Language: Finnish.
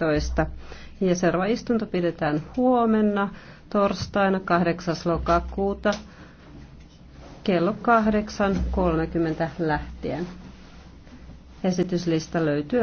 15. Ja seuraava istunto pidetään huomenna torstaina 8. lokakuuta kello 8.30 lähtien. Esityslista löytyy